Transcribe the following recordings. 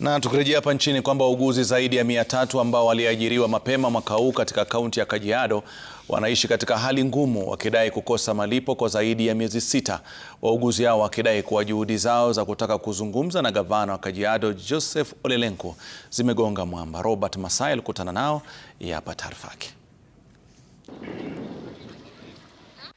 Na tukirejea hapa nchini kwamba wauguzi zaidi ya mia tatu ambao waliajiriwa mapema mwaka huu katika kaunti ya Kajiado wanaishi katika hali ngumu wakidai kukosa malipo kwa zaidi ya miezi sita. Wauguzi hao wakidai kuwa juhudi zao za kutaka kuzungumza na gavana wa Kajiado Joseph olelenko zimegonga mwamba. Robert Masai alikutana nao, hapa taarifa yake.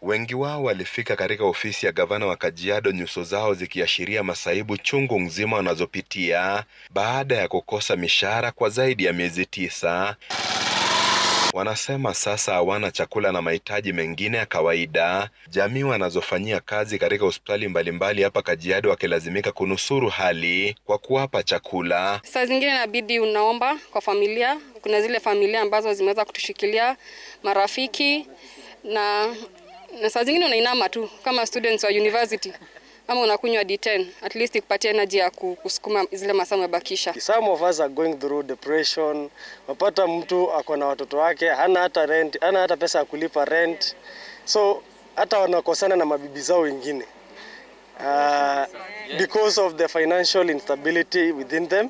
Wengi wao walifika katika ofisi ya gavana wa Kajiado, nyuso zao zikiashiria masaibu chungu nzima wanazopitia baada ya kukosa mishahara kwa zaidi ya miezi tisa. Wanasema sasa hawana chakula na mahitaji mengine ya kawaida. Jamii wanazofanyia kazi katika hospitali mbalimbali hapa Kajiado wakilazimika kunusuru hali kwa kuwapa chakula. Saa zingine inabidi unaomba kwa familia. Kuna zile familia ambazo zimeweza kutushikilia, marafiki na na saa zingine unainama tu kama students wa university ama unakunywa D10 at least ikupatie energy ya kusukuma zile masomo yabakisha. Some of us are going through depression. Unapata mtu ako na watoto wake, hana hata rent, hana hata pesa ya kulipa rent, so hata wanakosana na mabibi zao wengine uh, because of the financial instability within them.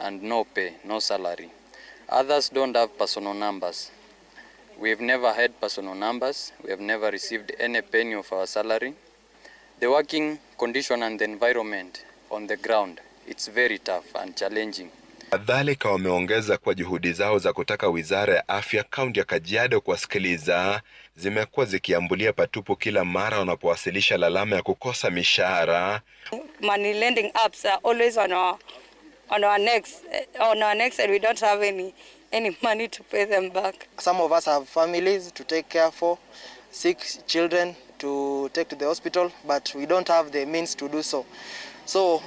and no pay, no salary. Others don't have personal numbers. We have never had personal numbers. We have never received any penny of our salary. The working condition and the environment on the ground, it's very tough and challenging. Kadhalika wameongeza kwa juhudi zao za kutaka wizara ya afya kaunti ya Kajiado kuwasikiliza zimekuwa zikiambulia patupu kila mara wanapowasilisha lalama ya kukosa mishahara. Money lending apps are always on our on our necks eh, on our necks and we don't have any any money to pay them back some of us have families to take care for sick children to take to the hospital but we don't have the means to do so so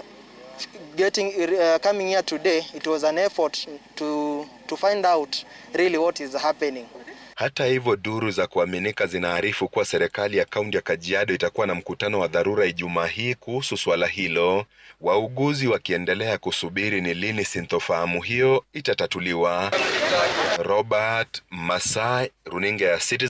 getting uh, coming here today it was an effort to to find out really what is happening hata hivyo, duru za kuaminika zinaarifu kuwa serikali ya kaunti ya Kajiado itakuwa na mkutano wa dharura Ijumaa hii kuhusu swala hilo, wauguzi wakiendelea kusubiri ni lini sintofahamu hiyo itatatuliwa. Robert Masai, runinga ya Citizen.